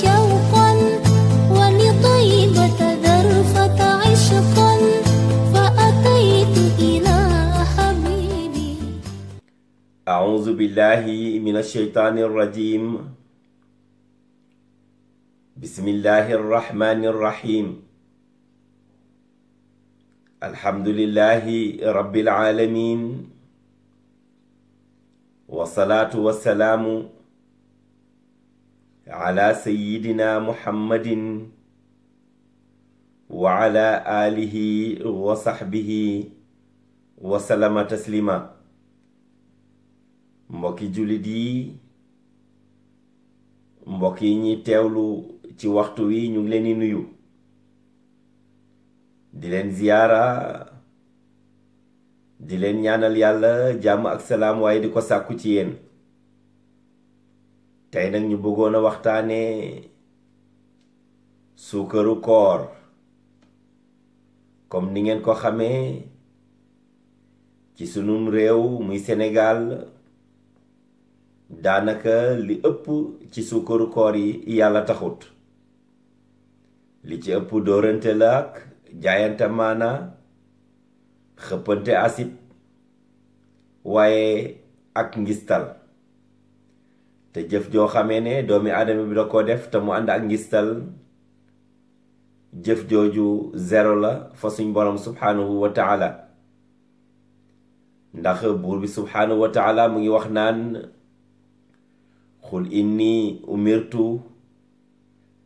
شوقا ولطيبة ذرفة عشقا فأتيت إلى حبيبي أعوذ بالله من الشيطان الرجيم بسم الله الرحمن الرحيم الحمد لله رب العالمين والصلاة والسلام ala sayidina muhammadin wa ala alihi wa saxbihi wa salama taslima mbokki jullit yi mbokk yi ñuy teewlu ci waxtu wi ñu leen di nuyu di leen ziyaara di leen ñaanal yàlla jàmm ak salaam waaye di ko sàkku ci yéen tey nag ñu bëggoon a waxtaanee suukaru koor comme ni ngeen ko xamee ci sunum réew muy Sénégal daanaka li ëpp ci suukaru koor yi yàlla taxut li ci ëpp dóorante la ak jaayante maana xëppante asib waaye ak ngistal te jëf joo xamee ne doomi aadama bi da koo def te mu ànd ak ngistal jëf jooju zero la fa suñ borom subhaanahu wa taala ndax buur bi subhaanahu wa taala mu ngi wax naan qul inni umirtu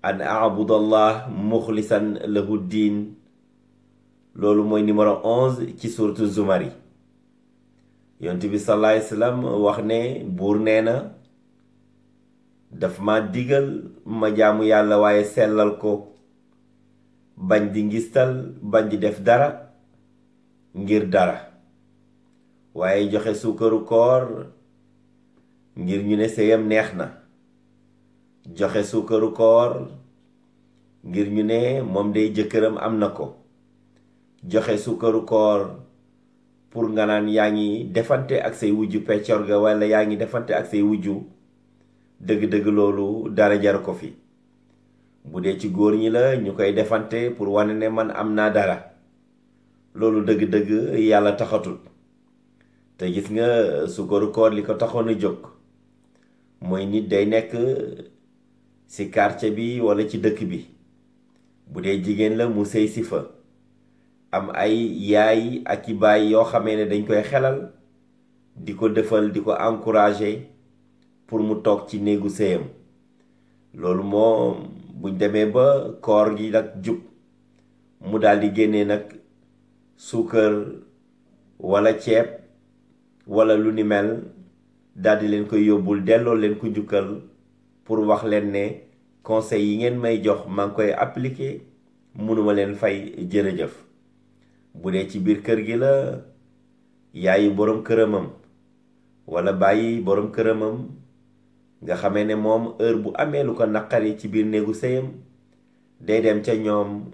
an aabudallah muxlisan lahu diin loolu mooy numéro 11 ci suuratu zumar yi yonent bi wax ne buur nee na daf ma digal ma jaamu yàlla waaye sellal ko bañ di ngistal bañ di def dara ngir dara waaye joxe suukaru koor ngir ñu ne sëyam neex na joxe suukaru koor ngir ñu ne moom day jëkkëram am na ko joxe suukaru koor pour nga naan yaa ngi defante ak say wujju peccor ga walla yaa ngi defante ak say wujju dëgg-dëgg loolu dara jar ko fi bu dee ci góor ñi la ñu koy defante pour wane ne man am naa dara loolu dëgg-dëgg yàlla taxatul te gis nga sukkaru koor li ko taxoon a jóg mooy nit day nekk si quartier bi walla ci dëkk bi bu dee jigéen la mu sëy si fa am ay yaay ak i baay yoo xamee ne dañ koy xelal di ko defal di ko encourager pour mu toog ci néegu séyam loolu moo buñ demee ba koor gi nag jub mu daldi génnee nag suukar wala ceeb wala lu ni mel daldi leen ko yóbbul delloo leen ko njukkal pour wax leen ne conseil yi ngeen may jox maa ngi koy appliquer mënuma leen fay jërëjëf bu dee ci biir kër gi la yaayu boroom këramam wala bàyyi boroom këramam nga xame ne moom heure bu amee lu ko naqari ci biir néegu sëyam day dem ca ñoom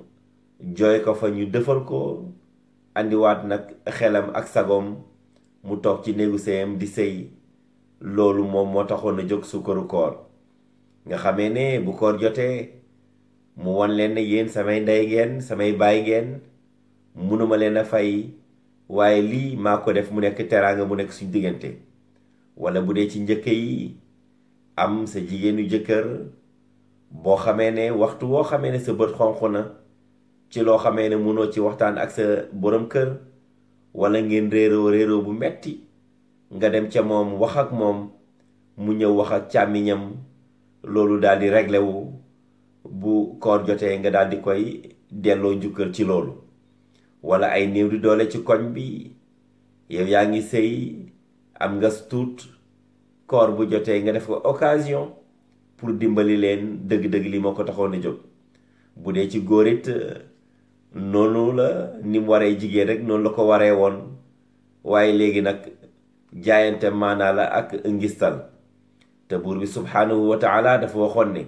jooy ko fa ñu defal ko andiwaat nag xelam ak sagoom mu toog ci néegu sëyam di sëy loolu moom moo taxoon a jóg sukkaru koor nga xamee ne bu koor jotee mu won leen yéen samay ndey ngeen samay baay ngeen munuma leen a fay waaye lii maa ko def mu nekk teraanga mu nekk suñ diggante wala bu dee ci njëkk yi am sa jigéenu jëkkër boo xamee ne waxtu woo xamee ne sa bët xonq na ci loo xamee ne mënoo ci waxtaan ak sa boroom kër wala ngeen réeroo réeroo bu metti nga dem ca moom wax ak moom mu ñëw wax ak càmmiñam loolu daal di réglé bu koor jotee nga daal di koy delloo njukkal ci loolu wala ay néew di doole ci koñ bi yow yaa ngi sëy am nga tuut koor bu jotee nga def ko occasion pour dimbali leen dëgg-dëgg li moo ko taxoon a jóg bu dee ci góor it noonu la ni waree jigéen rek noonu la ko waree woon waaye léegi nag jaayante maanaa la ak ngistal te buur bi subhaanahu wa taala dafa waxoon ne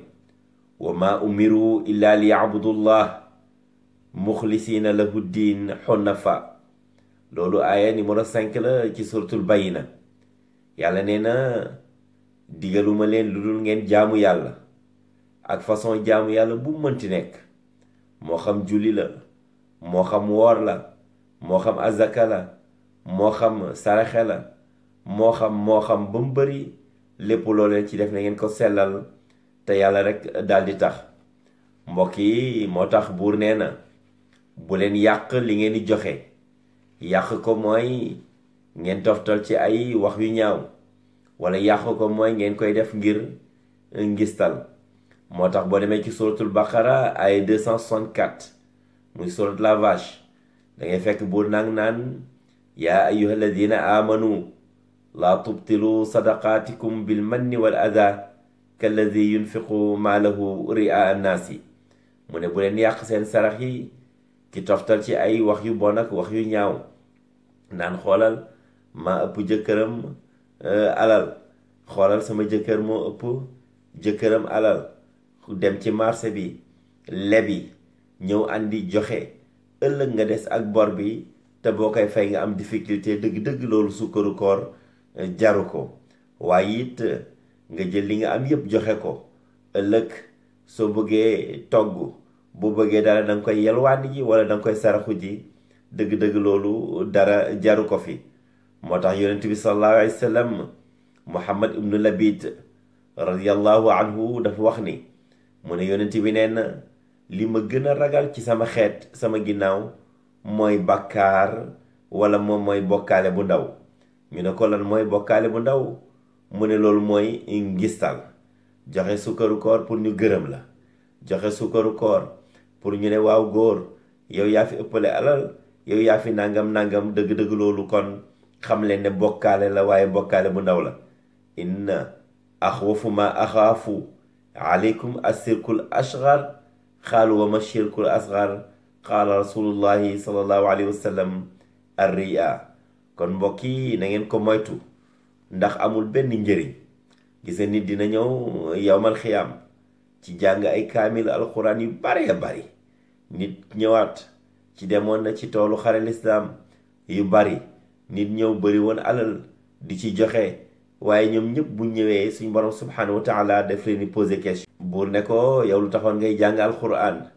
wa maa umiru illa li yabudullah muxlisina lahu diin fa loolu aaya numéro 5 la ci suratul bayina yàlla nee na digaluma leen lu dul ngeen jaamu yàlla ak façon jaamu yàlla bu mënti nekk moo xam julli la moo xam woor la moo xam azaka la moo xam saraxe la moo xam moo xam ba mu bëri lépp looleen ci def na ngeen ko sellal te yàlla rek daal di tax mbokk yi moo tax buur nee na bu leen yàq li ngeen di joxe yàq ko mooy ngeen toftal ci ay wax yu ñaaw wala yàqu ko mooy ngeen koy def ngir euh, ngistal moo tax boo demee ci suratul baqara ay 264 muy surat la vache da ngay fekk buur nang naan yaa ayuha alladina amanu laa tubtilu sadaqaatikum bil manni wal ada kalladi yunfiqu maalahu ria annaasi mu ne bu leen yàq seen sarax yi ci toftal ci ay wax yu bon ak wax yu ñaaw naan xoolal maa ëpp jëkkëram euh, alal xoolal sama jëkkër moo ëpp jëkkëram alal dem ci marché bi lebi ñëw indi joxe ëllëg nga des ak bor bi te boo koy fay nga am difficulté dëgg-dëgg loolu sukkaru koor euh, jaru ko waaye it nga jël li nga am yépp joxe ko ëllëg soo bëggee togg boo bëggee dara danga koy yelwaani ji wala da nga koy saraxu ji dëgg-dëgg loolu dara jaru ko fi moo tax yonent bi sallallahu alayhi wa sallam muhammad ibnu labid radiallahu anhu dafa wax ni mu ne yonent bi nee na li ma gën a ragal ci sama xeet sama ginnaaw mooy bakkaar walla moom mooy bokkaale bu ndaw ñu ne ko lan mooy bokkaale bu ndaw mu ne loolu mooy ngistal joxe sukkaru koor pour ñu gërëm la joxe sukkaru koor pour ñu ne waaw góor yow yaa fi ëppale alal yow yaa fi nangam nangam dëgg-dëgg loolu kon xam leen ne bokkaale la waaye bokkaale bu ndaw la inna axwafu ma axaafu aleykum assirkul ashgar xaalu wa ma shirkul asgar qaala rasulullahi sallallahu alayhi wa sallam arriya kon mbokk yi na ko moytu ndax amul benn njëriñ gis nit dina ñëw yowmal xiyaam ci jàng ay kaamil alquran yu bare bari nit ñëwaat ci demoon na ci toolu xare lislaam yu bari nit ñëw bëri woon alal di ci joxe waaye ñoom ñëpp bu ñëwee suñ borom subhanahu wa taala def leen di poser question. buur ne ko yow lu taxoon ngay jàng alxuraan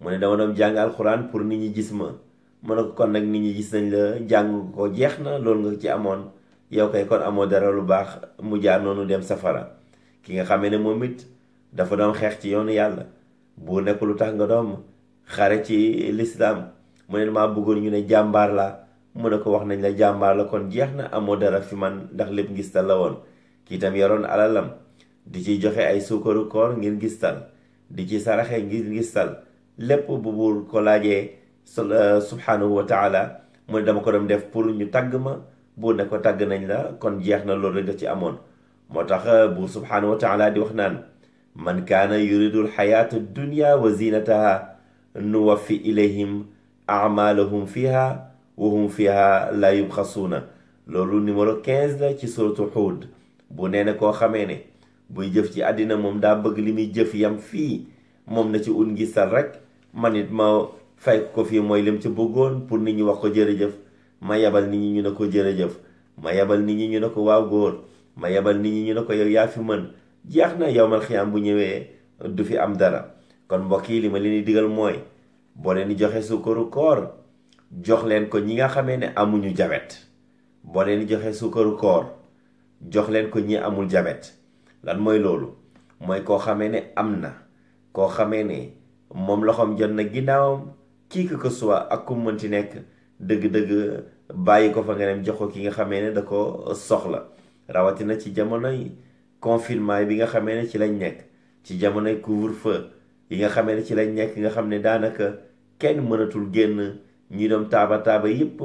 mu ne dama doon jàng alxuraan pour nit ñi gis ma mu na ko kon nag nit ñi gis nañ la jàng ko jeex na loolu nga ci amoon yow kay kon amoon dara lu baax mu jaar noonu dem safara ki nga xamee ne moom it dafa doon xeex ci yoonu yàlla buur ne ko lu tax nga doom xare ci lislaam mu ne maa bëggoon ñu ne jàmbaar la mu ne ko wax nañ la jàmbaar la kon jeex na amoo dara fi man ndax lépp ngistal la woon kii tam yoroon alalam di ci joxe ay suukaru koor ngir ngistal di ci saraxe ngir ngistal lépp bu buur ko laajee euh, subhanahu wa taala mu ne dama ko doon def pour ñu tàgg ma buur ne ko tàgg nañ la kon jeex na loolu da ci amoon moo tax euh, buur subhanahu wa di wax naan man kaana yuridul xayaata dunya wa zinataha nuwaffi ilayhim amalahum fiha fi fiha la yubxasuuna loolu numéro 15 la ci suratu xuud bu nee koo xamee ne buy jëf ci àddina moom daa bëgg li muy jëf yam fii moom na ci ut ngi sal rek ma it ma fay ko fii mooy lim ci bëggoon pour nit ñi wax ko jërëjëf ma yabal nit ñi ñu ne ko jërëjëf ma yabal nit ñi ñu ne ko waaw góor ma yabal nit ñi ñu ne ko yow yaa fi mën jeex na yowmal xiyaam bu ñëwee du fi am dara kon mbokk yi li ma leen digal mooy boo leen di joxe sukkaru koor jox leen ko ñi nga xamee ne amuñu jabet boo leen joxee sukkaru koor jox leen ko ñi amul jabet lan mooy loolu mooy koo xamee ne am na koo xamee ne moom loxoom jot na ginnaawam kii que soit ak ku mënti nekk dëgg-dëgg bàyyi ko fa jox ko ki nga xamee ne da ko soxla rawatina ci jamonoy confinement bi nga xamee ne ci lañ nekk ci jamonoy couvre-feu yi nga xamee ne ci lañ nekk nga xam ne daanaka kenn mënatul génn ñuy doon taaba taaba yépp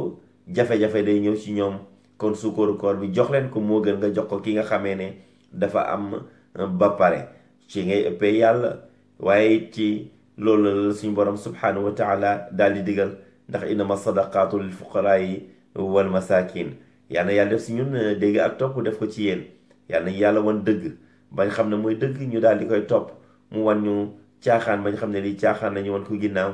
jafe-jafe day ñëw ci ñoom kon suukaru koor bi jox leen ko moo gën nga jox ko ki nga xamee ne dafa am euh, ba pare ci ngay ëppee yàlla waaye ci loolu la suñu borom subhanahu wa taala daal di digal ndax innama sadaqaatu lil fuqaraai wal masaakin yal na yàlla def si ñun euh, dégg ak topp def ko ci yéen yàlla yàlla wan dëgg bañ xam ne mooy dëgg ñu daal di koy topp mu wan ñu caaxaan bañ xam ne li caaxaan nañu wan ko ginnaaw